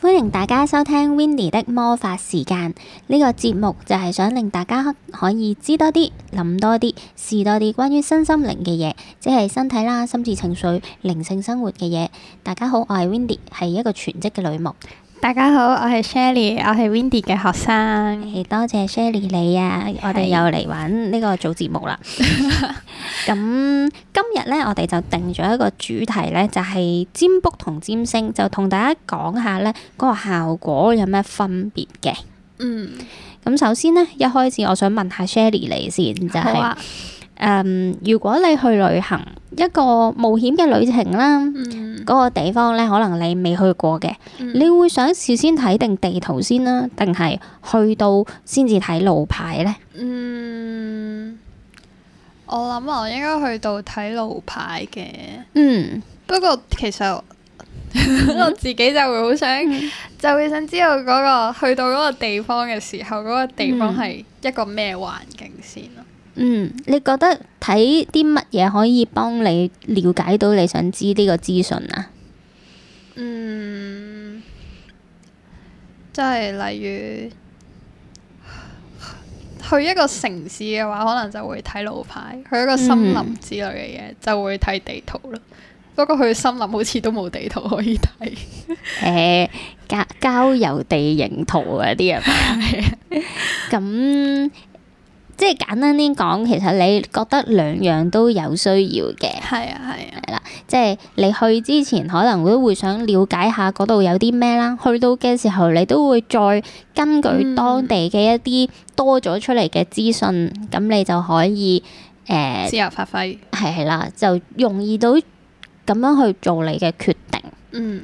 歡迎大家收聽 Windy 的魔法時間，呢個節目就係想令大家可以知多啲諗多啲試多啲關於身心靈嘅嘢，即係身體啦、心智、情緒、靈性生活嘅嘢。大家好，我係 Windy，係一個全職嘅女巫。大家好，我係 Shelly，我係 Windy 嘅學生。多謝 Shelly 你啊，是我哋又嚟玩呢個做節目啦。咁 今日咧，我哋就定咗一個主題咧，就係、是、占卜同占星，就同大家講下咧，嗰、那個效果有咩分別嘅。嗯，咁首先咧，一開始我想問下 Shelly 你先，就係、是。誒，um，如果你去旅行一個冒險嘅旅程啦，嗰、嗯、個地方咧，可能你未去過嘅，嗯、你會想事先睇定地圖先啦、啊，定係去到先至睇路牌呢？嗯，我諗我應該去到睇路牌嘅。嗯，不過其實我， 我自己就會好想、嗯、就會想知道嗰、嗰個去到嗰個地方嘅時候，嗰、嗰個地方係一個咩環境先啊？嗯，你覺得睇啲乜嘢可以幫你了解到你想知呢個資訊啊？嗯，即、就、係、是、例如去一個城市嘅話，可能就會睇路牌；去一個森林之類嘅嘢，嗯、就會睇地圖啦。不過去森林好似都冇地圖可以睇、嗯。誒、啊，郊郊遊地形圖啊啲啊，咁。 嗯。即係簡單啲講，其實你覺得兩樣都有需要嘅。係啊，係啊，係啦。即係你去之前，可能都會想了解下嗰度有啲咩啦。去到嘅時候，你都會再根據當地嘅一啲多咗出嚟嘅資訊，咁你就可以誒自由發揮。係係啦，就容易到咁樣去做你嘅決定。嗯。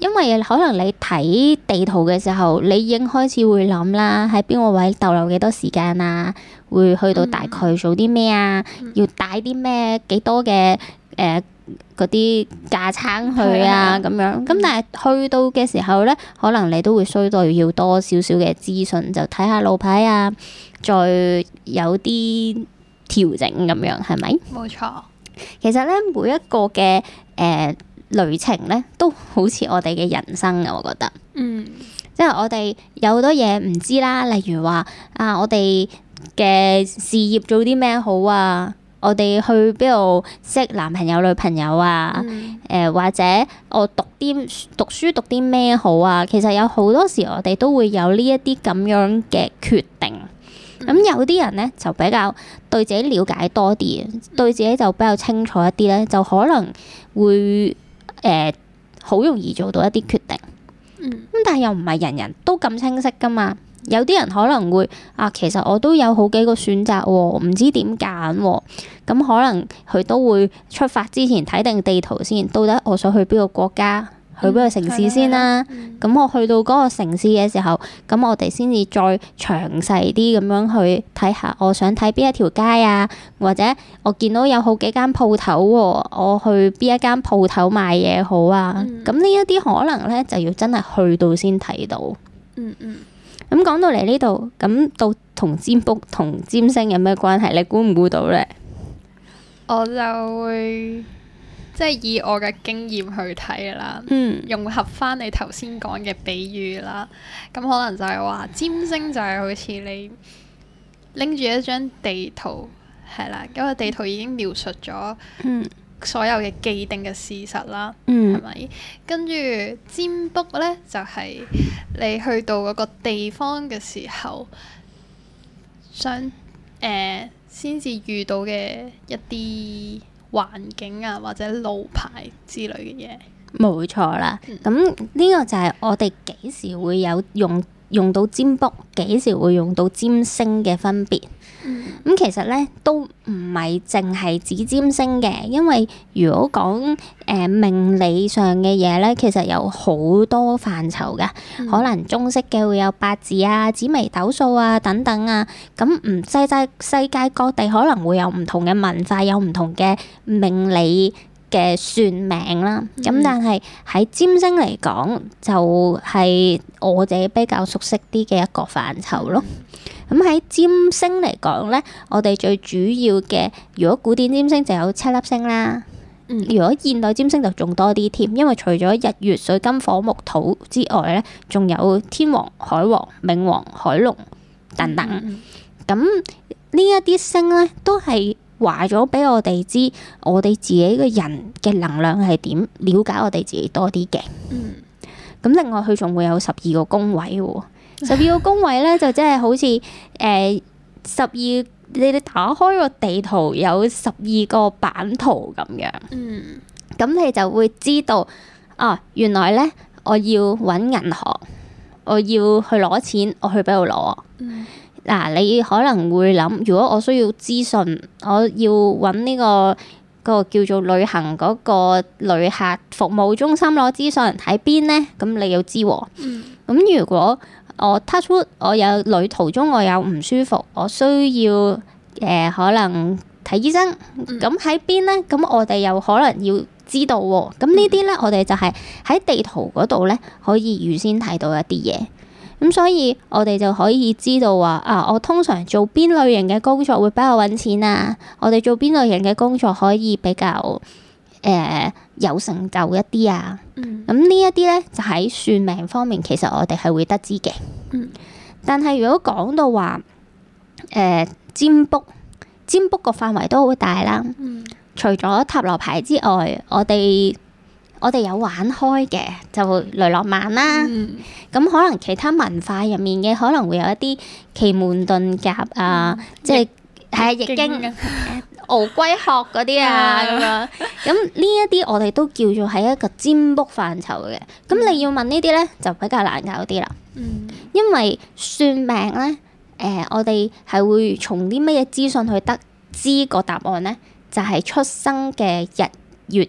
因為可能你睇地圖嘅時候，你已經開始會諗啦，喺邊個位逗留幾多時間啊？會去到大概做啲咩啊？嗯、要帶啲咩幾多嘅誒嗰啲架撐去啊？咁的樣咁，嗯、但係去到嘅時候咧，可能你都會需要要多少少嘅資訊，就睇下路牌啊，再有啲調整咁樣，係咪？冇錯。其實咧，每一個嘅誒。呃旅程咧都好似我哋嘅人生嘅，我覺得。嗯，即係我哋有好多嘢唔知啦，例如話啊，我哋嘅事業做啲咩好啊？我哋去邊度識男朋友、女朋友啊？誒、嗯呃，或者我讀啲讀書讀啲咩好啊？其實有好多時我哋都會有呢一啲咁樣嘅決定。咁、嗯、有啲人咧就比較對自己了解多啲，嗯、對自己就比較清楚一啲咧，就可能會。誒，好、呃、容易做到一啲決定，咁但係又唔係人人都咁清晰噶嘛？有啲人可能會啊，其實我都有好幾個選擇、喎，唔知點揀、喎，咁、嗯、可能佢都會出發之前睇定地圖先，到底我想去邊個國家。去邊個城市先啦，啊、咁、嗯嗯、我去到嗰個城市嘅時候，咁我哋先至再詳細啲咁樣去睇下，我想睇邊一條街啊，或者我見到有好幾間鋪頭，我去邊一間鋪頭買嘢好啊？咁呢一啲可能呢，就要真係去到先睇到。嗯嗯。咁講到嚟呢度，咁到同占卜同占星有咩關係？你估唔估到呢？我就會。即係以我嘅經驗去睇啦，嗯、融合翻你頭先講嘅比喻啦，咁可能就係、是、話，占星就係好似你拎住一張地圖係啦，因為地圖已經描述咗所有嘅既定嘅事實啦，係咪、嗯？跟住占卜咧，就係、是、你去到嗰個地方嘅時候，想誒先至遇到嘅一啲，環境啊，或者路牌之類嘅嘢，冇錯啦。咁呢、嗯、個就係我哋幾時會有用用到占卜，幾時會用到占星嘅分別。咁、嗯、其實咧都唔係淨係指占星嘅，因為如果講誒、呃、命理上嘅嘢咧，其實有好多範疇嘅，嗯、可能中式嘅會有八字啊、紫微斗數啊等等啊。咁唔世界世界各地可能會有唔同嘅文化，有唔同嘅命理嘅算命啦。咁、嗯、但係喺占星嚟講，就係、是、我自己比較熟悉啲嘅一個範疇咯。咁喺占星嚟講咧，我哋最主要嘅，如果古典占星就有七粒星啦。嗯，如果現代占星就仲多啲添，因為除咗日月水金火木土之外咧，仲有天王、海王、冥王、凱龍等等。咁，嗯，呢一啲星咧，都係話咗俾我哋知，我哋自己嘅人嘅能量係點，了解我哋自己多啲嘅。嗯。咁另外，佢仲會有十二個宮位。十二個宮位咧，就即係好似誒十二，欸、十二，你哋打開個地圖有十二個版圖咁樣。嗯。咁你就會知道，啊，原來咧，我要揾銀行，我要去攞錢，我去邊度攞？嗱、嗯啊，你可能會諗，如果我需要資訊，我要揾呢、呢個、嗰個叫做旅行嗰個旅客服務中心攞資訊喺邊咧？咁你要知喎。嗯。咁、啊、如果我 touch wood，我有旅途中我有唔舒服，我需要誒、呃、可能睇醫生，咁喺邊咧？咁我哋又可能要知道喎、哦。咁呢啲咧，我哋就係喺地圖嗰度咧，可以預先睇到一啲嘢。咁所以我哋就可以知道話啊，我通常做邊類型嘅工作會比較搵錢啊？我哋做邊類型嘅工作可以比較誒。呃有成就一啲啊，咁呢一啲咧就喺算命方面，其實我哋係會得知嘅。但係如果講到話誒、呃、占卜，占卜個範圍都好大啦。嗯、除咗塔羅牌之外，我哋我哋有玩開嘅，就雷諾曼啦。咁、嗯、可能其他文化入面嘅，可能會有一啲奇門遁甲啊，嗯、即係是。嗯.係啊，易經、烏龜殼嗰啲啊，咁樣咁呢一啲，我哋都叫做係一個占卜範疇嘅。咁、嗯、你要問呢啲咧，就比較難搞啲啦。嗯、因為算命咧，誒、呃，我哋係會從啲咩資訊去得知個答案咧，就係、是、出生嘅日月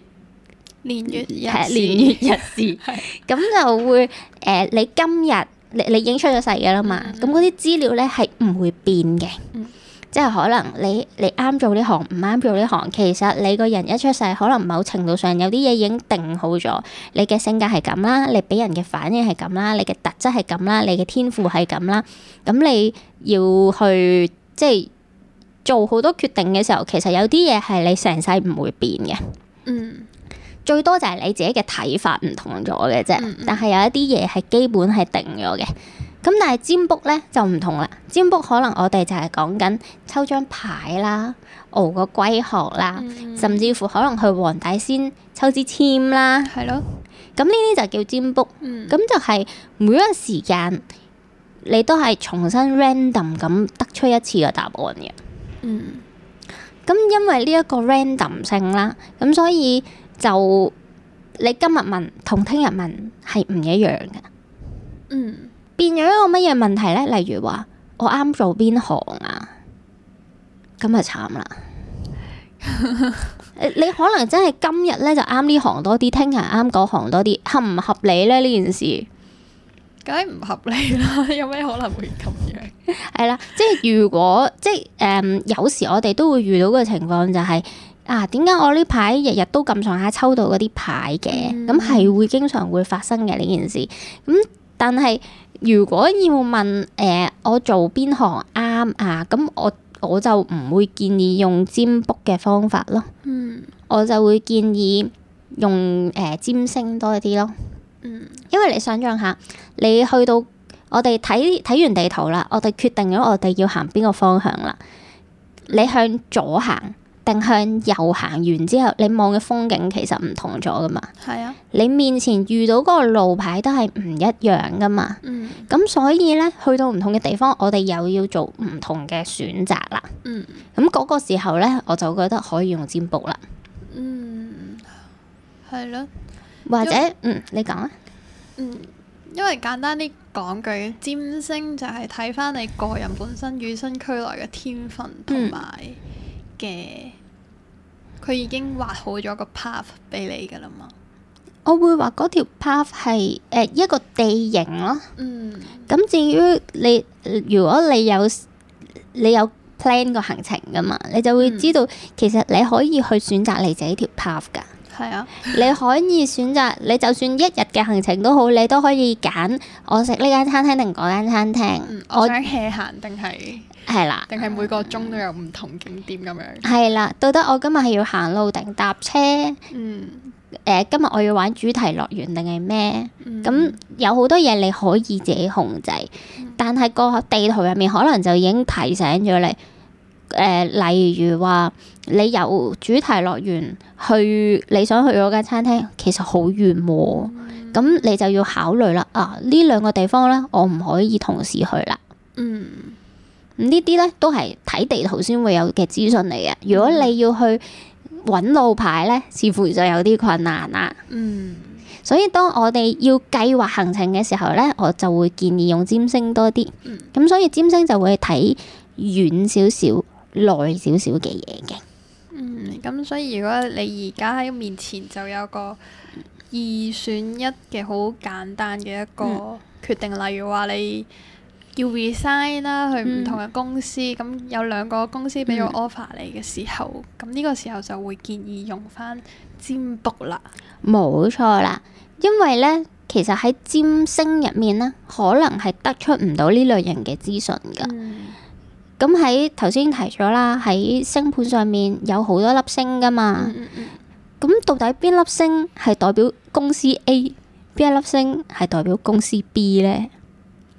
年月日、呃，年月日時，係咁 是就會誒、呃，你今日你你，你已經出咗世嘅啦嘛，咁嗰啲資料咧係唔會變嘅。嗯即係可能你你啱做呢行，唔啱做呢行。其實你個人一出世，可能某程度上有啲嘢已經定好咗。你嘅性格係咁啦，你俾人嘅反應係咁啦，你嘅特質係咁啦，你嘅天賦係咁啦。咁你要去即係做好多決定嘅時候，其實有啲嘢係你成世唔會變嘅。嗯，最多就係你自己嘅睇法唔同咗嘅啫。嗯，但係有一啲嘢係基本係定咗嘅。咁但係占卜咧就唔同啦，占卜可能我哋就係講緊抽張牌啦，熬個龜殼啦，嗯、甚至乎可能去黃大仙抽支簽啦，係咯、嗯。咁呢啲就叫占卜，咁、嗯、就係每一個時間你都係重新 random 咁得出一次嘅答案嘅。嗯。咁因為呢一個 random 性啦，咁所以就你今日問同聽日問係唔一樣嘅。嗯。變咗一個乜嘢問題咧？例如話我啱做邊行啊？咁啊慘啦！你可能真係今日咧就啱呢行多啲，聽日啱嗰行多啲，合唔合理咧？呢件事梗係唔合理啦！有咩可能會咁樣？係啦、 啊，即係如果即係誒、呃，有時我哋都會遇到嘅情況就係、是、啊，點解我呢排日日都咁上下抽到嗰啲牌嘅？咁係、嗯、會經常會發生嘅呢件事。咁但係。如果要問誒、呃、我做邊行啱啊？咁我我就唔會建議用占卜嘅方法咯。嗯、我就會建議用誒占星多啲咯。嗯、因為你想象下，你去到我哋睇睇完地圖啦，我哋決定咗我哋要行邊個方向啦。你向左行。定向右行完之後，你望嘅風景其實唔同咗噶嘛？係啊，你面前遇到嗰個路牌都係唔一樣噶嘛。咁、嗯、所以咧，去到唔同嘅地方，我哋又要做唔同嘅選擇啦。嗯，咁嗰個時候咧，我就覺得可以用占卜啦。嗯，係咯，或者因為嗯，你講啊。嗯，因為簡單啲講句，占星就係睇返你個人本身與生俱來嘅天分同埋、嗯。嘅，佢已經畫好咗個 path 俾你噶啦嘛，我會畫嗰條 path 係誒一個地形咯、啊，咁、嗯、至於你如果你有你有 plan 個行程噶嘛，你就會知道其實你可以去選擇你自己條 path 噶，係啊、嗯，你可以選擇，你就算一日嘅行程都好，你都可以揀我食呢間餐廳定嗰間餐廳、嗯，我想起行定係。我係啦，定係每個鐘都有唔同景點咁樣。係啦，到底我今日係要行路定搭車？誒、嗯呃，今日我要玩主題樂園定係咩？咁、嗯、有好多嘢你可以自己控制，嗯、但係個地圖入面可能就已經提醒咗你。誒、呃，例如話你由主題樂園去你想去嗰間餐廳，其實好遠、哦，咁、嗯、你就要考慮啦。啊，呢兩個地方咧，我唔可以同時去啦。嗯。呢啲咧都係睇地圖先會有嘅資訊嚟嘅。如果你要去揾路牌咧，似乎就有啲困難啦。嗯。所以當我哋要計劃行程嘅時候咧，我就會建議用占星多啲。嗯。咁所以占星就會睇遠少少、耐少少嘅嘢嘅。嗯。咁所以如果你而家喺面前就有個二選一嘅好簡單嘅一個決定，嗯、例如話你。要 resign 啦，去唔同嘅公司，咁、嗯、有兩個公司俾咗 offer、嗯、你嘅時候，咁呢個時候就會建議用翻占卜啦。冇錯啦，因為咧，其實喺占星入面咧，可能係得出唔到呢類型嘅資訊㗎。咁喺頭先提咗啦，喺星盤上面有好多粒星噶嘛。咁、嗯嗯、到底邊粒星係代表公司 A？邊一粒星係代表公司 B 咧？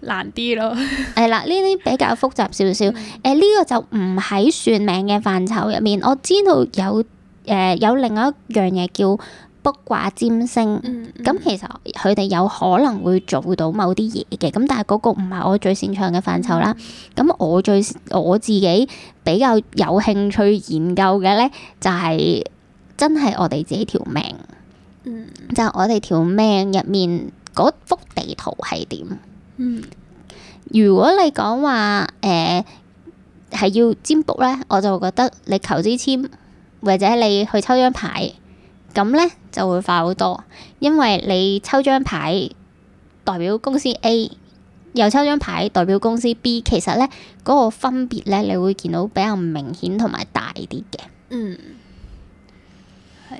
難啲咯，係啦，呢啲比較複雜少少。誒、 欸，呢、呢個就唔喺算命嘅範疇入面。我知道有誒、呃、有另外一樣嘢叫卜卦占星，咁、嗯嗯、其實佢哋有可能會做到某啲嘢嘅。咁但係嗰個唔係我最擅長嘅範疇啦。咁、嗯嗯、我最我自己比較有興趣研究嘅咧，就係、是、真係我哋自己條命，嗯、就係我哋條命入面嗰幅地圖係點。嗯，如果你講話誒係、呃、要占卜咧，我就覺得你求支籤或者你去抽張牌，咁咧就會快好多，因為你抽張牌代表公司 A，又抽張牌代表公司 B，其實咧嗰、嗰個分別咧你會見到比較明顯同埋大啲嘅。嗯，係。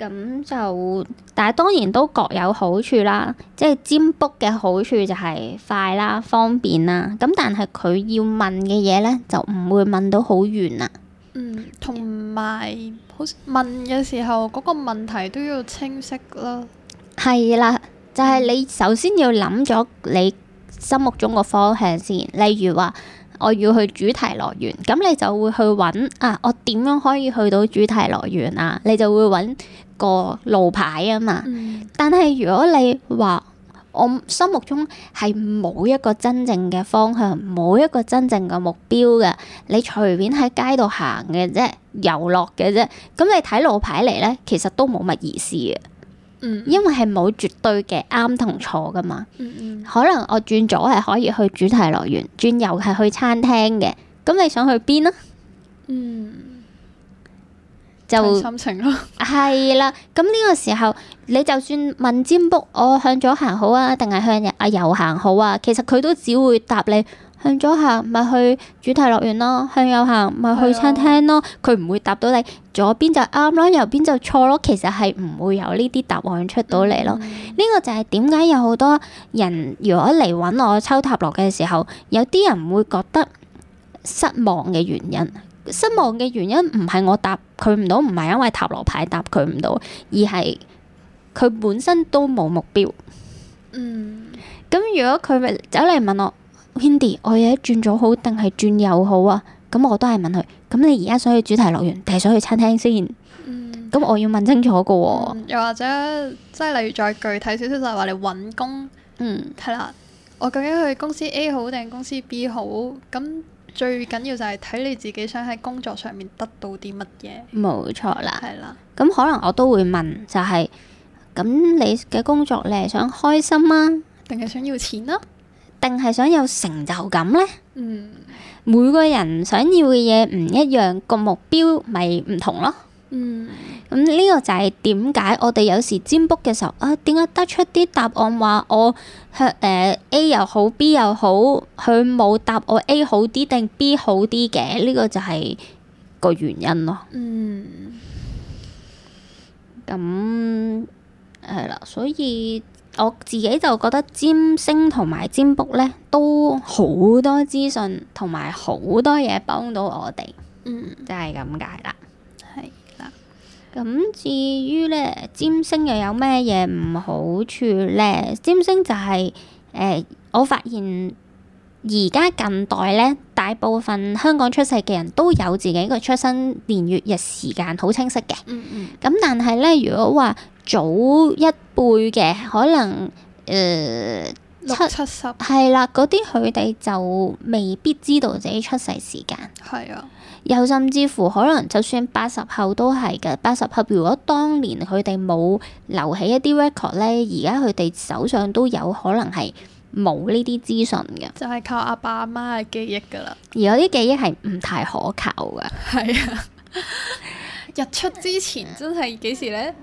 咁就，但係當然都各有好處啦。即係占卜嘅好處就係快啦、方便啦。咁但係佢要問嘅嘢咧，就唔會問到好遠啦。嗯，同埋好問嘅時候，嗰、嗰個問題都要清晰咯。係啦，就係、係、你首先要諗咗你心目中個方向先，例如話，我要去主題樂園，咁你就會去揾啊！我點樣可以去到主題樂園啊？你就會揾個路牌啊嘛。嗯、但係如果你話我心目中係冇一個真正嘅方向，冇一個真正嘅目標嘅，你隨便喺街度行嘅啫，遊樂嘅啫，咁你睇路牌嚟咧，其實都冇乜意思嘅。因為係冇絕對嘅啱同錯噶嘛，可能我轉左係可以去主題樂園，轉右係去餐廳嘅，咁你想去邊啊？嗯，就心情咯。 係啦，咁呢個時候你就算問占卜，我向左行好啊，定係向右啊右行好啊？其實佢都只會答你。向左行咪去主題樂園咯，向右行咪去餐廳咯。佢唔 會答到你左邊就啱咯，右邊就錯咯。其實係唔會有呢啲答案出到嚟咯。呢、嗯、個就係點解有好多人如果嚟揾我抽塔羅嘅時候，有啲人會覺得失望嘅原因。失望嘅原因唔係我答佢唔到，唔係因為塔羅牌答佢唔到，而係佢本身都冇目標。嗯。咁如果佢咪走嚟問我？Hindi, 我而家轉左好定係轉右好啊咁我都係問佢，咁你而家想去主題樂園定係想去餐廳先？咁、嗯、我要問清楚噶、哦嗯。又或者，即係例如再具體少少就係話你揾工，嗯，係啦，我究竟去公司 A 好定係公司 B 好？咁最緊要就係睇你自己想喺工作上面得到啲乜嘢。冇錯啦，係啦。咁可能我都會問，就係、是、咁你嘅工作你係想開心啊，定係想要錢啊？定係想有成就感呢？嗯，每個人想要嘅嘢唔一樣，個目標咪唔同咯。嗯，咁呢個就係點解我哋有時占卜嘅時候啊，點解得出啲答案話我誒 A 又好 B 又好，佢冇答我 A 好啲定 B 好啲嘅？呢個就係個原因咯。嗯，咁係啦，所以。我自己就覺得占星同埋占卜咧，都好多資訊同埋好多嘢幫到我哋，嗯、就係咁解啦。係啦的。咁至於咧，占星又有咩嘢唔好處咧？占星就係、是、誒、呃，我發現而家近代咧，大部分香港出世嘅人都有自己個出生年月日時間好清晰嘅。嗯咁、嗯、但係咧，如果話早一輩嘅可能，誒、呃、六七十係啦，嗰啲佢哋就未必知道自己出世時間。係啊的，又甚至乎可能就算八十後都係嘅，八十後如果當年佢哋冇留起一啲 record 咧，而家佢哋手上都有可能係冇呢啲資訊嘅，就係靠阿爸阿媽嘅記憶㗎啦。而有啲記憶係唔太可靠嘅。係啊是的。 日出之前真係幾時咧？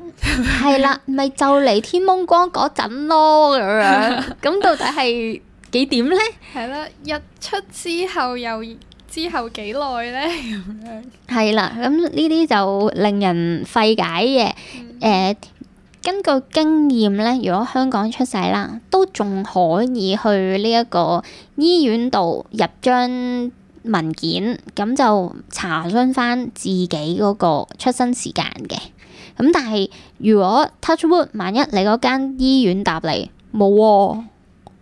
係啦，咪就嚟天蒙光嗰陣咯咁樣。咁到底係幾點咧？係啦，日出之後又之後幾耐咧？咁 樣 係啦，咁呢啲就令人費解嘅。誒、嗯呃，根據經驗咧，如果香港出世啦，都仲可以去呢一個醫院度入張。文件，咁就查詢翻自己嗰個出生時間嘅。咁、嗯、但係如果 touch wood，萬一你嗰間醫院答你冇喎、哦，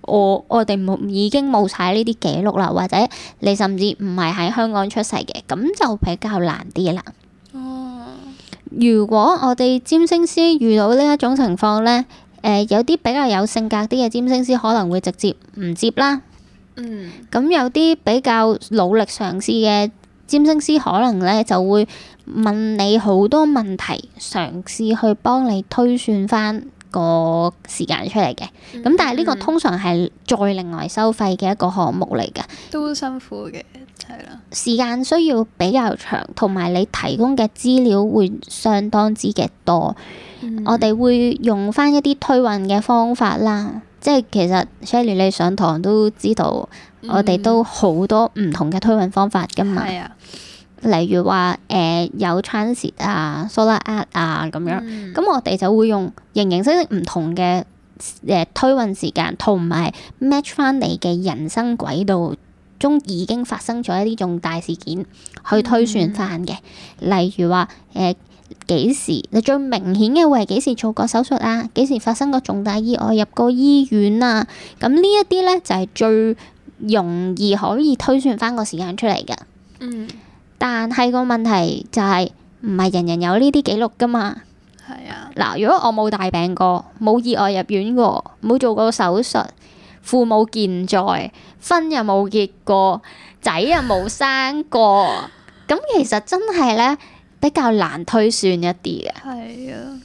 我我哋冇已經冇晒呢啲記錄啦，或者你甚至唔係喺香港出世嘅，咁就比較難啲啦。嗯、如果我哋占星師遇到呢一種情況咧，誒、呃、有啲比較有性格啲嘅占星師可能會直接唔接啦。嗯，咁有啲比較努力嘗試嘅占星師，可能咧就會問你好多問題，嘗試去幫你推算翻個時間出嚟嘅。咁、嗯、但係呢個通常係再另外收費嘅一個項目嚟㗎。都辛苦嘅，係啦。時間需要比較長，同埋你提供嘅資料會相當之嘅多。嗯、我哋會用翻一啲推運嘅方法啦。即係其實，Shelly 你上堂都知道，嗯、我哋都好多唔同嘅推運方法噶嘛。啊、例如話誒、呃、有 transit 啊、solar arc 啊咁樣，咁、嗯、我哋就會用形形色色唔同嘅誒、呃、推運時間，同埋 match 翻你嘅人生軌道中已經發生咗一啲重大事件去推算翻嘅，嗯、例如話誒。呃幾時？你最明顯嘅會係幾時做過手術啊？幾時發生過重大意外入過醫院啊？咁呢一啲咧就係、是、最容易可以推算翻個時間出嚟㗎。嗯、但係個問題就係唔係人人有呢啲記錄噶嘛？係啊。嗱，如果我冇大病過，冇意外入院過，冇做過手術，父母健在，婚又冇結過，仔又冇生過，咁 其實真係咧。比較難推算一啲嘅，係啊。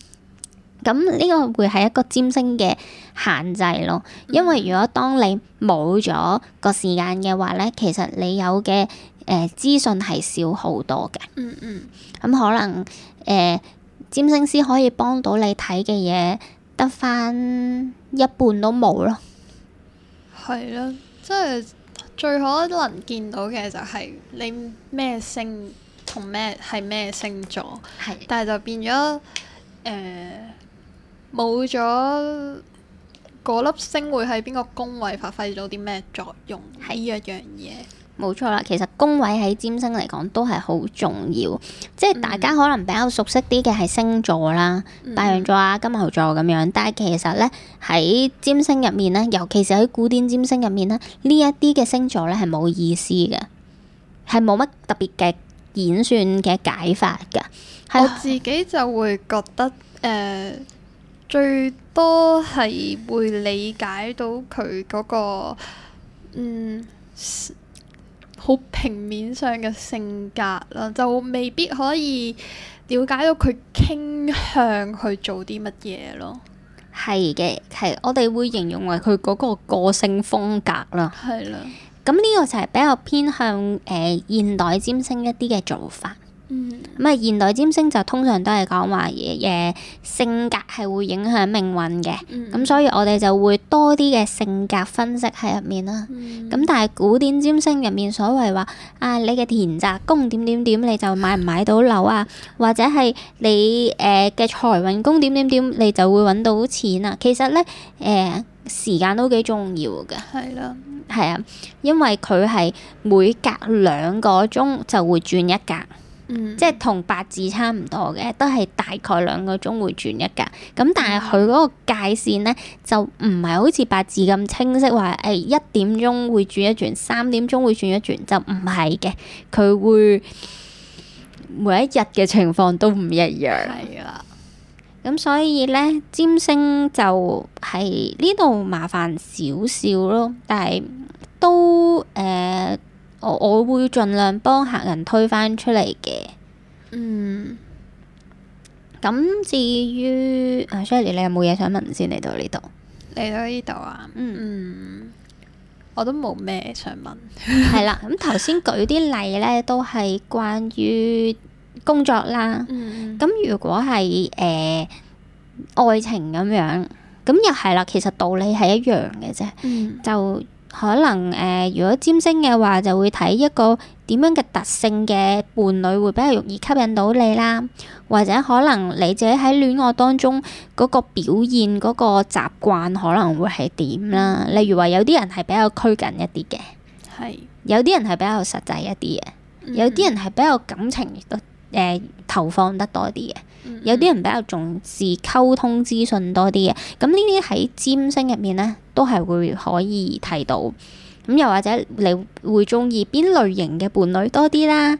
咁呢個會係一個占星嘅限制咯，嗯、因為如果當你冇咗個時間嘅話咧，其實你有嘅誒資訊係少好多嘅。嗯嗯。咁、嗯、可能誒，占、呃、星師可以幫到你睇嘅嘢得返一半都冇咯。係啦、啊，即係最可能見到嘅就係你咩星。同咩係咩星座？是的 但係就變咗誒，冇咗嗰粒星會喺邊個宮位發揮咗啲咩作用？係一是的 樣嘢冇錯啦。其實宮位喺占星嚟講都係好重要，嗯、即係大家可能比較熟悉啲嘅係星座啦，白羊座啊、金牛座咁樣。但係其實咧喺占星入面咧，尤其是喺古典占星入面咧，呢一啲嘅星座咧係冇意思嘅，係冇乜特別嘅。演算嘅解法噶，我自己就會覺得誒、呃、最多係會理解到佢嗰、嗰個嗯好平面上嘅性格啦，就未必可以了解到佢傾向去做啲乜嘢咯。係嘅，係我哋會形容為佢嗰個個性風格啦。係啦。咁呢個就係比較偏向誒、呃、現代占星一啲嘅做法。咁啊，嗯、現代占星就通常都係講話誒性格係會影響命運嘅，咁、嗯嗯、所以我哋就會多啲嘅性格分析喺入面啦。咁、嗯嗯、但係古典占星入面所謂話啊，你嘅田宅宮點點點，你就買唔買到樓啊？嗯、或者係你誒嘅、呃、財運宮點點點，你就會揾到錢啊？其實咧誒、呃、時間都幾重要㗎，係啦的，係啊，因為佢係每隔兩個鐘就會轉一格。嗯、即係同八字差唔多嘅，都係大概兩個鐘會轉一㗎。咁但係佢嗰個界線呢，嗯、就唔係好似八字咁清晰，話誒、哎、一點鐘會轉一轉，三點鐘會轉一轉，就唔係嘅。佢會每一日嘅情況都唔一樣。係啊。咁所以呢，占星就係呢度麻煩少少咯。但係都誒。呃我我會盡量幫客人推翻出嚟嘅。嗯。咁至於啊，Shirley，你有冇嘢想問先嚟到呢度？嚟到呢度啊，嗯，嗯我都冇咩想問。係 啦，咁頭先舉啲例咧，都係關於工作啦。咁、嗯、如果係誒、呃、愛情咁樣，咁又係啦，其實道理係一樣嘅啫。嗯、就。可能誒、呃，如果占星嘅話，就會睇一個點樣嘅特性嘅伴侶會比較容易吸引到你啦。或者可能你自己喺戀愛當中嗰個表現，嗰個習慣可能會係點啦？例如話有啲人係比較拘謹一啲嘅，係是有啲人係比較實際一啲嘅，嗯嗯有啲人係比較感情亦都誒投放得多啲嘅。有啲人比較重視溝通資訊多啲嘅，咁呢啲喺占星入面咧，都係會可以睇到。咁又或者你會中意邊類型嘅伴侶多啲啦？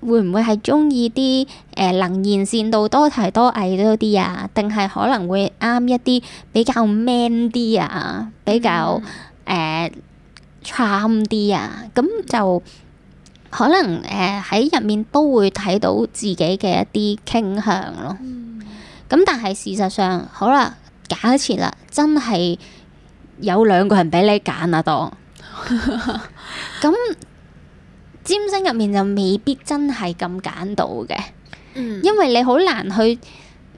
會唔會係中意啲誒能言善道多才多藝多啲啊？定係可能會啱一啲比較 man 啲啊，比較誒 charm 啲啊？咁就～可能誒喺入面都會睇到自己嘅一啲傾向咯。咁、嗯、但係事實上，好啦，假設啦，真係有兩個人俾你揀啊，當咁占星入面就未必真係咁揀到嘅。嗯、因為你好難去誒、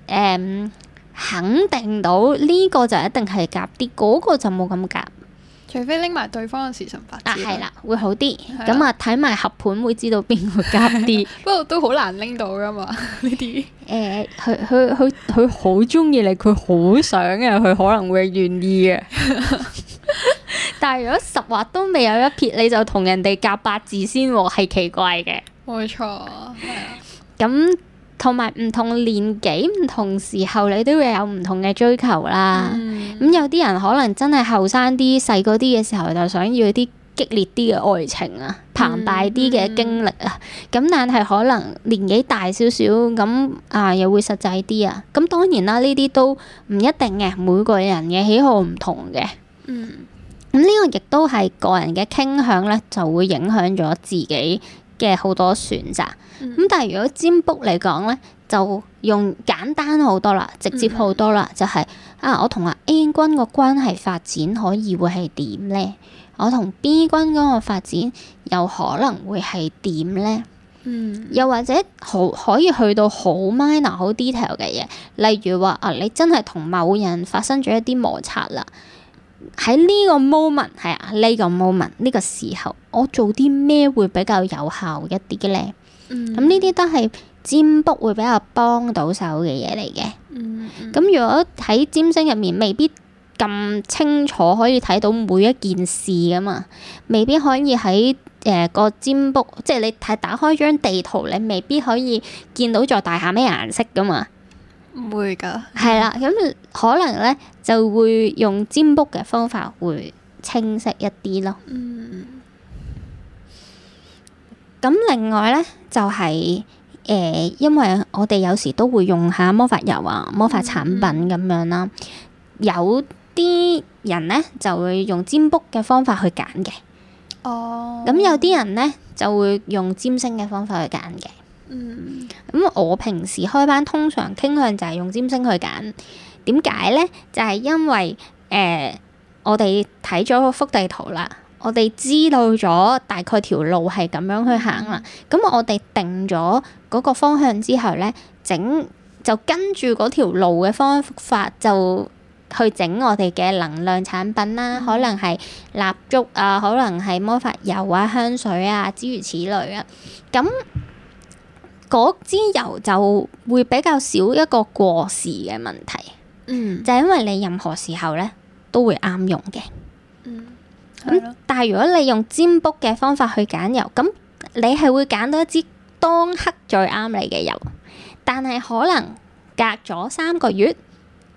呃、肯定到呢個就一定係夾啲，嗰、嗰個就冇咁夾。除非拎埋對方嘅時辰八字，係啦、啊，會好啲。咁啊，睇埋合盤會知道邊個夾啲。啊、 不過都好難拎到㗎嘛，呢啲。誒、呃，佢佢佢佢好中意你，佢好想嘅，佢可能會願意嘅。 但係如果十劃都未有一撇，你就同人哋夾八字先喎，係奇怪嘅。冇錯，係啊。咁。 同埋唔同年紀、唔同時候，你都會有唔同嘅追求啦。咁、嗯嗯、有啲人可能真係後生啲、細個啲嘅時候就想要啲激烈啲嘅愛情啊、龐大啲嘅經歷啊。咁、嗯嗯、但係可能年紀大少少，咁啊又會實際啲啊。咁當然啦，呢啲都唔一定嘅，每個人嘅喜好唔同嘅。嗯。咁呢、嗯呢個亦都係個人嘅傾向咧，就會影響咗自己嘅好多選擇，咁、嗯、但係如果占卜嚟講咧，就用簡單好多啦，直接好多啦，嗯、就係、是、啊，我同 A 君個關係發展可以會係點咧？我同 B 君嗰個發展又可能會係點咧？嗯，又或者好可以去到好 minor、好 detail 嘅嘢，例如話啊，你真係同某人發生咗一啲摩擦啦。喺呢個 moment 係啊，呢、這個 moment 呢、這個時候，我做啲咩會比較有效一啲嘅咧？咁呢啲都係占卜會比較幫到手嘅嘢嚟嘅。咁、嗯、如果喺占星入面，未必咁清楚可以睇到每一件事噶嘛，未必可以喺誒、呃那個占卜，即係你係打開張地圖，你未必可以見到座大廈咩顏色噶嘛。唔會㗎，係啦，咁可能咧就會用占卜嘅方法會清晰一啲咯。嗯，咁另外咧就係、是、誒、呃，因為我哋有時都會用下魔法油啊、魔法產品咁樣啦，嗯、有啲人咧就會用占卜嘅方法去揀嘅。哦，咁有啲人咧就會用占星嘅方法去揀嘅。嗯，咁我平時開班通常傾向就係用占星去揀，點解咧？就係、是、因為誒、呃，我哋睇咗幅地圖啦，我哋知道咗大概條路係咁樣去行啦。咁我哋定咗嗰個方向之後咧，整就跟住嗰條路嘅方法就去整我哋嘅能量產品啦，可能係蠟燭啊，可能係魔法油啊、香水啊諸如此類啊。咁嗰支油就會比較少一個過時嘅問題，嗯、就係因為你任何時候咧都會啱用嘅，咁、嗯、但係如果你用占卜嘅方法去揀油，咁你係會揀到一支當刻最啱你嘅油，但係可能隔咗三個月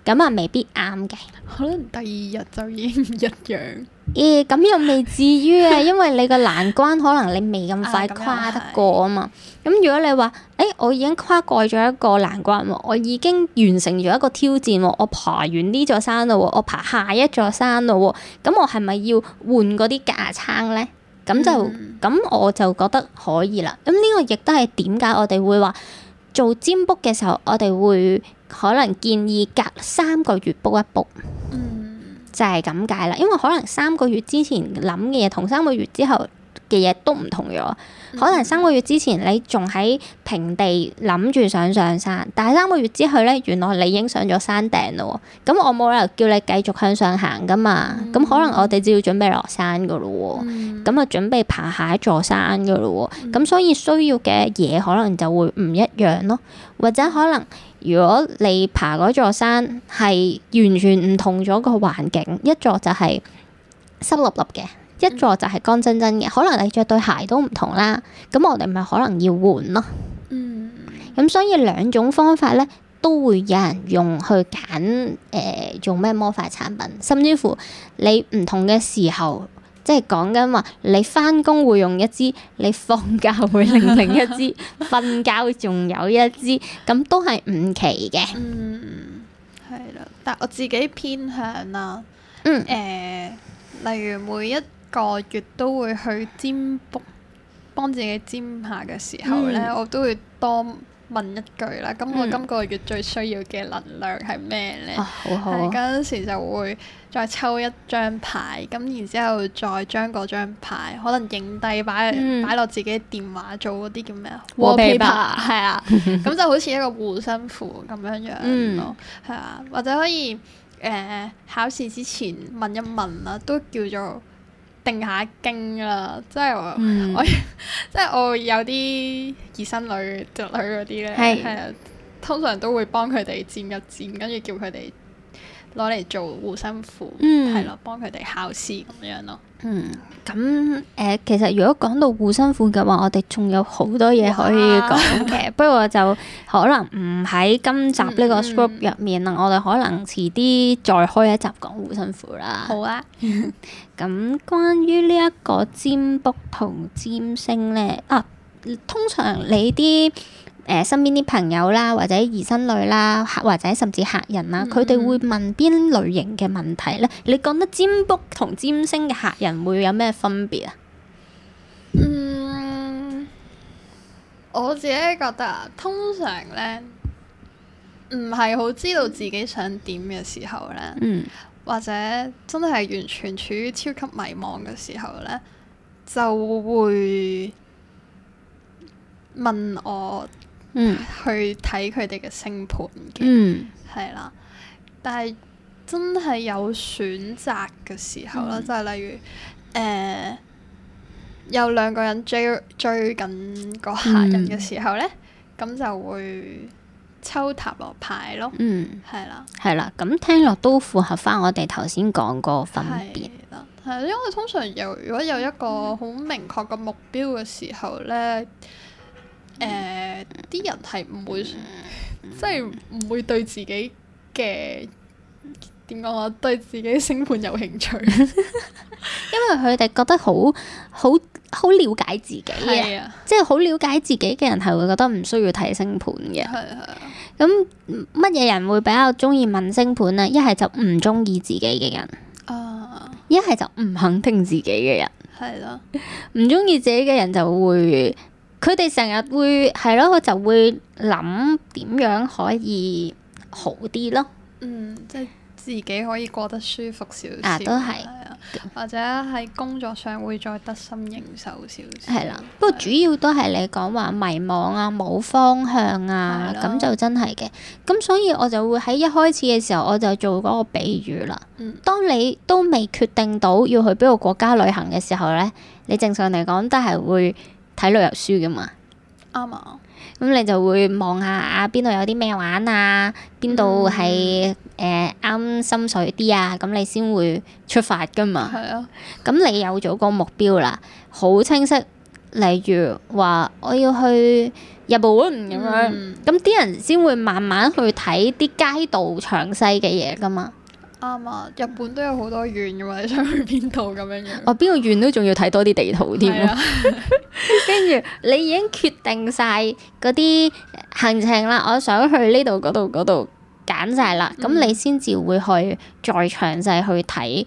咁啊，就未必啱嘅，可能第二日就已經唔一樣。咦，咁、欸、又未至於啊， 因為你個難關可能你未咁快跨得過啊嘛。咁、啊、如果你話，誒、欸、我已經跨過咗一個難關喎，我已經完成咗一個挑戰喎，我爬完呢座山嘞喎，我爬下一座山嘞喎，咁我係咪要換嗰啲架撐咧？咁就咁、嗯、我就覺得可以啦。咁呢個亦都係點解我哋會話做占卜嘅時候，我哋會可能建議隔三個月卜一卜。就係咁解啦，因為可能三個月之前諗嘅嘢同三個月之後嘅嘢都唔同咗。嗯、可能三個月之前你仲喺平地諗住想上山，但係三個月之後咧，原來你已經上咗山頂啦。咁我冇理由叫你繼續向上行噶嘛。咁、嗯、可能我哋就要準備落山噶啦。咁啊、嗯，就準備爬下一座山噶啦。咁、嗯、所以需要嘅嘢可能就會唔一樣咯，或者可能。如果你爬嗰座山係完全唔同咗個環境，一座就係濕漉漉嘅，一座就係乾真真嘅，可能你着對鞋都唔同啦，咁我哋咪可能要換咯。嗯，咁所以兩種方法咧都會有人用去揀，誒做咩魔法產品，甚至乎你唔同嘅時候。即係講緊話，你返工會用一支，你放假會另另一支，瞓 覺仲有一支，咁都係唔奇嘅。嗯，係啦，但我自己偏向啦。嗯、呃，例如每一個月都會去占卜，幫自己占下嘅時候咧，嗯、我都會當。問一句啦，咁我今個月最需要嘅能量係咩咧？係嗰陣時就會再抽一張牌，咁然之後再將嗰張牌可能影低擺擺落自己電話做嗰啲叫咩啊？wallpaper 係啊，咁就好似一個護身符咁樣樣咯，係啊、嗯，或者可以誒、呃、考試之前問一問啦，都叫做。定下經啦，即係我、嗯、我，即係我有啲兒甥女侄女嗰啲咧，係啊，通常都會幫佢哋佔一佔，跟住叫佢哋。攞嚟做護身符，係咯、嗯，幫佢哋考試咁樣咯。嗯，咁誒、呃，其實如果講到護身符嘅話，我哋仲有好多嘢可以講嘅。哇啊、 不過就可能唔喺今集呢個 script 入面啦，我哋可能遲啲再開一集講護身符啦。好啊。咁 關於呢一個占卜同占星咧，啊，通常你啲。誒、呃、身邊啲朋友啦，或者姨甥女啦，或者甚至客人啦，佢哋、嗯、會問邊類型嘅問題咧？你覺得占卜同占星嘅客人會有咩分別啊？嗯，我自己覺得通常呢，唔係好知道自己想點嘅時候呢，嗯、或者真係完全處於超級迷茫嘅時候呢，就會問我。嗯，去睇佢哋嘅星盤嘅，係啦、嗯。但係真係有選擇嘅時候啦，嗯、就係例如誒、呃、有兩個人追追緊個客人嘅時候咧，咁、嗯、就會抽塔羅牌咯。嗯，係啦的，係啦。咁聽落都符合翻我哋頭先講個分別咯。係，因為通常有如果有一個好明確嘅目標嘅時候咧。誒，啲、呃、人係唔會，嗯、即係唔會對自己嘅點講呀，對自己星盤有興趣。 因為佢哋覺得好好好了解自己嘅，是啊、即係好了解自己嘅人係會覺得唔需要睇星盤嘅。咁乜嘢人會比較中意問星盤啊？一係就唔中意自己嘅人，一係、啊、就唔肯聽自己嘅人。係咯，唔中意自己嘅人就會。佢哋成日會係咯，我就會諗點樣可以好啲咯。嗯，即係自己可以過得舒服少少。啊，都係。的或者係工作上會再得心應手少少。係啦的，的不過主要都係你講話迷惘啊、冇方向啊，咁的就真係嘅。咁所以我就會喺一開始嘅時候我就做嗰個比喻啦。嗯。當你都未決定到要去邊個國家旅行嘅時候咧，你正常嚟講都係會。睇旅遊書噶嘛，啱啊、嗯，咁你就會望下啊，邊度有啲咩玩啊，邊度係誒啱心水啲啊，咁你先會出發噶嘛。係咁、啊、你有咗個目標啦，好清晰。例如話，我要去日本咁樣，咁啲、嗯、人先會慢慢去睇啲街道詳細嘅嘢噶嘛。啱啊！日本都有好多縣嘅。你想去邊度咁樣樣？哦，邊個縣都仲要睇多啲地圖添。是啊。跟住你已經決定晒嗰啲行程啦，我想去呢度嗰度嗰度揀晒啦，咁、嗯、你先至會去再詳細去睇誒、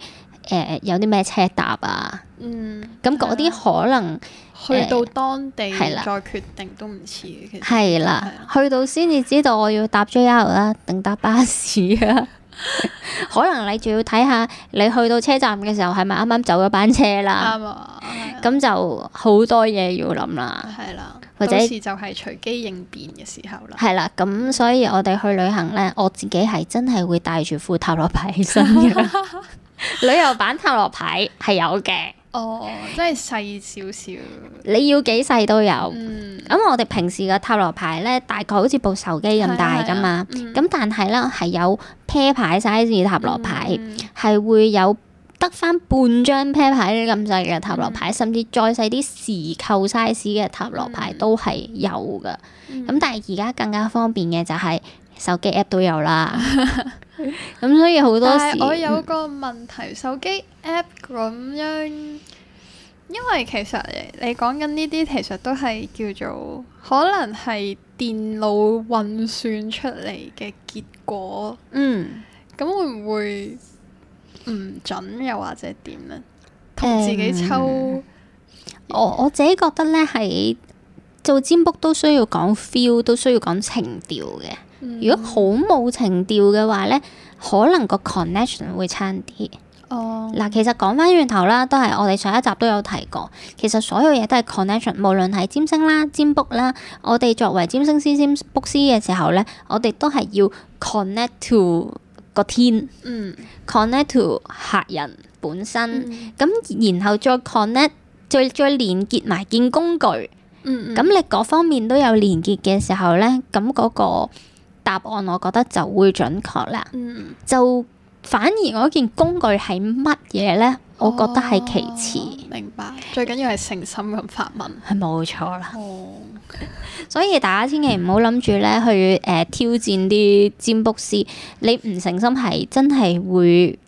呃、有啲咩車搭啊。嗯。咁嗰啲可能、啊呃、去到當地再決定都唔遲。係啦、啊，啊、去到先至知道我要搭 JR 啦，定搭巴士啊。 可能你仲要睇下你去到車站嘅時候係咪啱啱走咗班車啦，咁就多好多嘢要諗啦，係啦，或者就係隨機應變嘅時候啦，係啦，咁所以我哋去旅行咧，我自己係真係會帶住副塔羅牌起身嘅， 旅遊版塔羅牌係有嘅。哦，oh, 真係細少少。你要幾細都有。咁、嗯、我哋平時嘅塔羅牌咧，大概好似部手機咁大㗎嘛。咁、啊啊嗯、但係咧係有啤牌 size 嘅塔羅牌，係、嗯、會有得返半張啤牌咁細嘅塔羅牌，嗯、甚至再細啲匙扣 size 嘅塔羅牌都係有㗎。咁、嗯嗯、但係而家更加方便嘅就係手機 app 都有啦。 咁、嗯、所以好多，但係我有個問題，嗯、手機 app 咁樣，因為其實你講緊呢啲，其實都係叫做可能係電腦運算出嚟嘅結果。嗯，咁會唔會唔準又或者點呢？同自己抽，嗯、我我自己覺得咧係。做占卜都需要講 feel，都需要講情調嘅。嗯、如果好冇情調嘅話咧，可能個 connection 會差啲。嗱、哦，其實講翻轉頭啦，都係我哋上一集都有提過。其實所有嘢都係 connection，無論係占星啦、占卜啦。我哋作為占星師、占卜師嘅時候咧，我哋都係要 connect to 個天、嗯、connect to 客人本身。咁、嗯、然後再 connect，再再連結埋件工具。咁、嗯、你各方面都有連結嘅時候咧，咁嗰個答案，我覺得就會準確啦。嗯、就反而嗰件工具係乜嘢咧？哦、我覺得係其次。明白，最緊要係誠心咁發問，係冇錯啦。哦、 所以大家千祈唔好諗住咧去誒、呃、挑戰啲占卜師，你唔誠心係真係會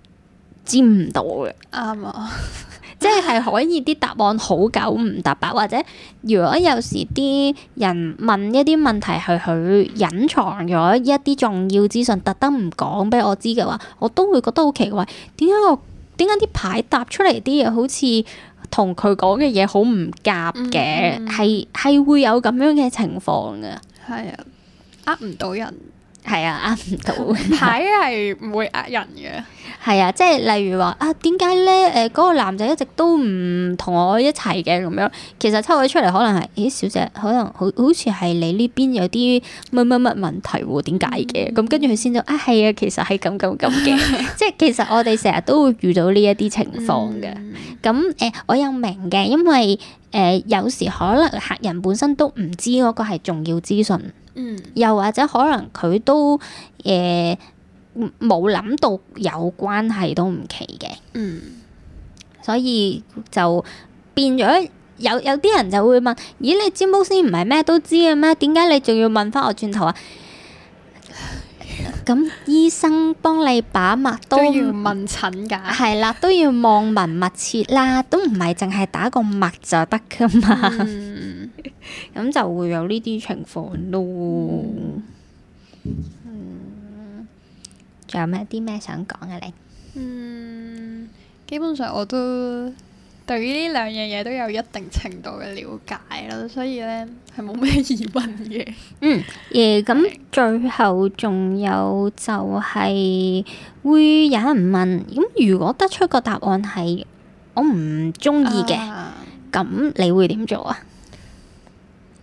占唔到嘅。啱啊、嗯！嗯即係可以啲答案好九唔搭八，或者如果有時啲人問一啲問題係佢隱藏咗一啲重要資訊，特登唔講俾我知嘅話，我都會覺得好奇怪。點解我，點解啲牌答出嚟啲嘢好似同佢講嘅嘢好唔夾嘅？係係、嗯嗯、會有咁樣嘅情況㗎。係啊，呃唔到人。係啊，呃唔到牌，係唔會呃人嘅。係啊，即係例如話啊，點解咧？誒、呃、嗰，那個男仔一直都唔同我一齊嘅咁樣。其實抽佢出嚟，可能係，咦、欸，小姐，可能好好似係你呢邊有啲乜乜乜問題？點解嘅？咁、嗯、跟住佢先至啊，係啊，其實係咁咁咁嘅。即係 其實我哋成日都會遇到呢一啲情況嘅。咁誒、嗯呃，我有明嘅，因為誒、呃、有時可能客人本身都唔知嗰個係重要資訊。嗯，又或者可能佢都誒冇諗到有關係都唔奇嘅，嗯，所以就變咗有有啲人就會問：，咦，你占卜師唔係咩都知嘅咩？點解你仲要問翻我轉頭啊？咁 醫生幫你把脈都,都要問診噶，係 啦，都要望聞問切啦，都唔係淨係打個脈就得噶嘛。嗯咁就會有呢啲情況咯。嗯，仲有咩？啲咩想講嘅你？嗯，基本上我都對於呢兩樣嘢都有一定程度嘅了解咯，所以咧係冇咩疑問嘅。嗯，誒，咁最後仲有就係會有人問，咁如果得出個答案係我唔中意嘅，咁你會點做啊？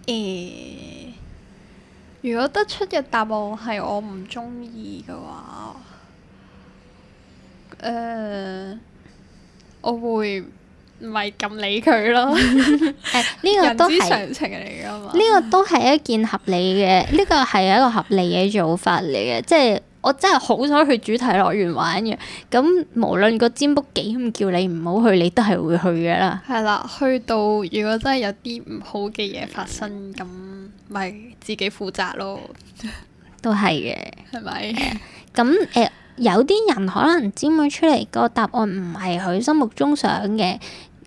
誒、欸，如果得出嘅答案係我唔中意嘅話，誒、呃，我會唔係咁理佢咯、 欸。呢、呢個都係常情嚟㗎嘛？呢個都係一件合理嘅，呢 個係一個合理嘅做法嚟嘅，即係。我真係好想去主題樂園玩嘅。咁無論個占卜幾咁叫你唔好去，你都係會去嘅啦。係啦，去到如果真係有啲唔好嘅嘢發生，咁咪自己負責咯。都係嘅，係咪 吧？咁誒、呃呃，有啲人可能占卜出嚟個答案唔係佢心目中想嘅。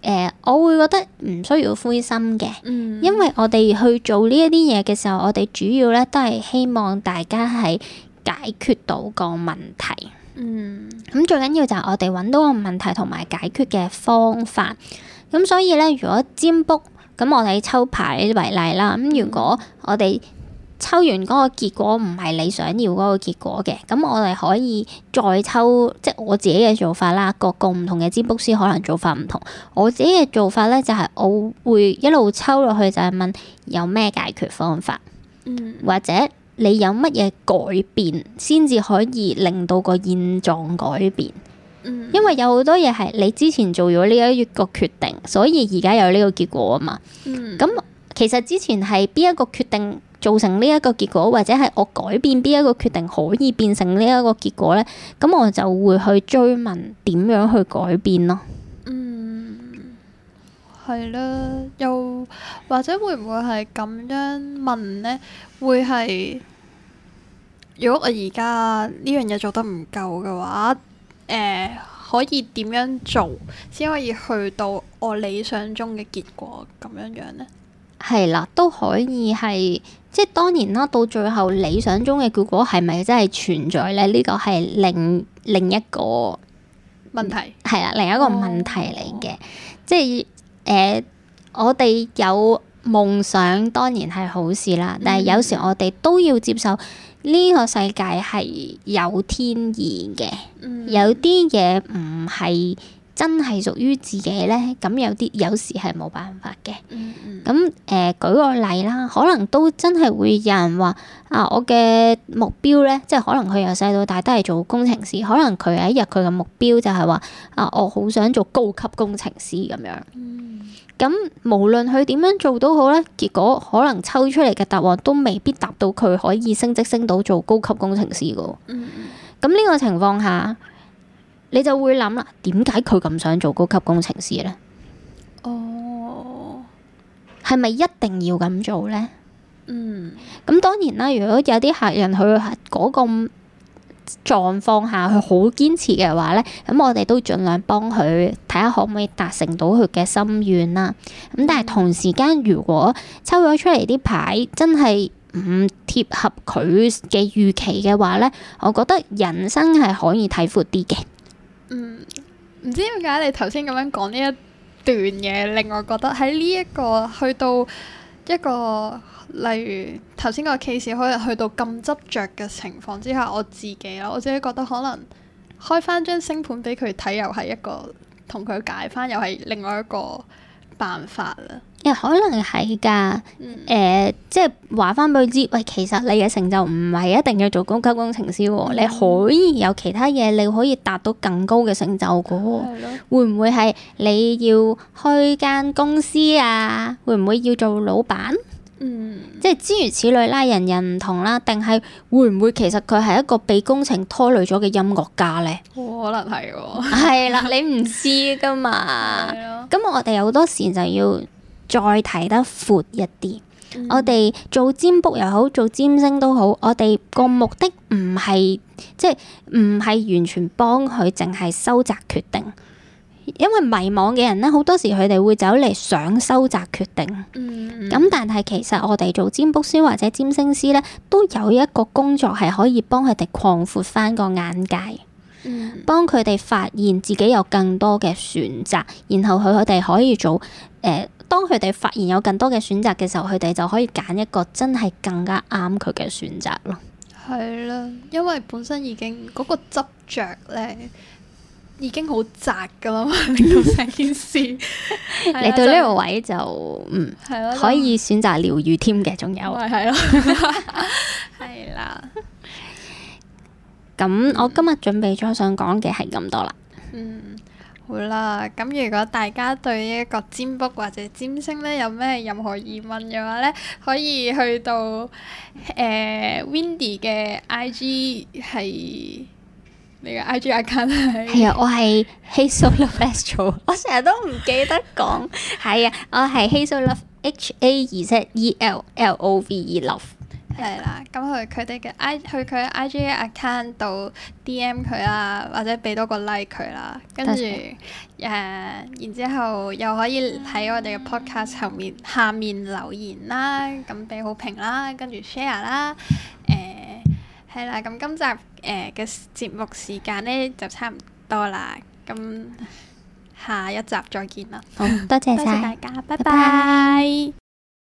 誒、呃，我會覺得唔需要灰心嘅，嗯、因為我哋去做呢一啲嘢嘅時候，我哋主要咧都係希望大家係，解決到個問題，嗯，咁最緊要就係我哋揾到個問題同埋解決嘅方法。咁所以咧，如果占卜咁，我哋抽牌為例啦。咁如果我哋抽完嗰個結果唔係你想要嗰個結果嘅，咁我哋可以再抽。即係我自己嘅做法啦。各個唔同嘅占卜師可能做法唔同。我自己嘅做法咧，就係我會一路抽落去，就係問有咩解決方法，嗯，或者。你有乜嘢改變先至可以令到個現狀改變？嗯，因為有好多嘢係你之前做咗呢一個決定，所以而家有呢個結果啊嘛。嗯，咁其實之前係邊一個決定造成呢一個結果，或者係我改變邊一個決定可以變成呢一個結果呢？咁我就會去追問點樣去改變咯。嗯，係啦，又或者會唔會係咁樣問呢？會係，如果我而家呢樣嘢做得唔夠嘅話，誒、呃，可以點樣做先可以去到我理想中嘅結果咁樣樣咧？係啦，都可以係，即係當然啦。到最後理想中嘅結果係咪真係存在咧？呢個係另另一個問題，係、嗯、啦，另一個問題嚟嘅，oh. 即係誒、呃，我哋有。夢想當然係好事啦，但係有時我哋都要接受呢個世界係有天意嘅，有啲嘢唔係。真係屬於自己咧，咁有啲有時係冇辦法嘅。咁誒、嗯嗯呃、舉個例啦，可能都真係會有人話啊，我嘅目標咧，即係可能佢由細到大都係做工程師，可能佢有一日佢嘅目標就係話啊，我好想做高級工程師咁樣。咁、嗯、無論佢點樣做都好啦，結果可能抽出嚟嘅答案都未必達到佢可以升職升到做高級工程師噶喎。咁呢、嗯、個情況下。你就會諗啦，點解佢咁想做高級工程師呢？哦，係咪一定要咁做呢？嗯，咁當然啦。如果有啲客人佢嗰個狀況下，佢好堅持嘅話呢，咁我哋都盡量幫佢睇下可唔可以達成到佢嘅心願啦。咁但係同時間，如果抽咗出嚟啲牌真係唔貼合佢嘅預期嘅話呢，我覺得人生係可以睇闊啲嘅。嗯，唔知點解你頭先咁樣講呢一段嘢，令我覺得喺呢一個去到一個例如頭先個 case 可能去到咁執着嘅情況之下，我自己咯，我自己覺得可能開翻張星盤俾佢睇又係一個同佢解翻又係另外一個辦法啦。可能係㗎，誒、嗯呃、即係話翻俾佢知，喂，其實你嘅成就唔係一定要做高級工程師喎，嗯、你可以有其他嘢，你可以達到更高嘅成就嘅喎。哦、會唔會係你要開間公司啊？會唔會要做老闆？嗯、即係諸如此類，拉人人唔同啦。定係會唔會其實佢係一個被工程拖累咗嘅音樂家咧？可能係喎。係啦，你唔知㗎嘛。係咯。咁我哋好多時就要再提得闊一啲，嗯、我哋做占卜又好，做占星都好，我哋個目的唔係即係唔係完全幫佢淨係收窄決定，因為迷茫嘅人咧，好多時佢哋會走嚟想收窄決定。咁、嗯嗯、但係其實我哋做占卜師或者占星師咧，都有一個工作係可以幫佢哋擴闊返個眼界，嗯、幫佢哋發現自己有更多嘅選擇，然後佢佢哋可以做誒。呃當佢哋發現有更多嘅選擇嘅時候，佢哋就可以揀一個真係更加啱佢嘅選擇咯。係啦，因為本身已經嗰、那個執着咧，已經好窄噶啦嘛，令 到成件事。你對呢個位就的嗯的可以選擇療愈添嘅，仲有係咯，係啦是的。咁 的我今日準備咗想講嘅係咁多啦。嗯。好啦，咁如果大家對呢一個占卜或者占星咧有咩任何疑問嘅話咧，可以去到誒 Windy 嘅 IG 係你嘅 IG account 係。係啊，我係 Hazel Love。我成日都唔記得講。係啊，我係 Hazel Love H A Z E L L O V E Love。係 啦，咁去佢哋嘅 I 去佢 IG account 度 DM 佢啦，或者俾多個 like 佢啦，跟住誒謝、啊，然之後又可以喺我哋嘅 podcast 後面、嗯、下面留言啦，咁俾好評啦，跟住 share 啦，誒、呃、係啦，咁今集誒嘅、呃、節目時間咧就差唔多啦，咁、嗯、下一集再見啦，多謝，謝 多謝大家，拜拜。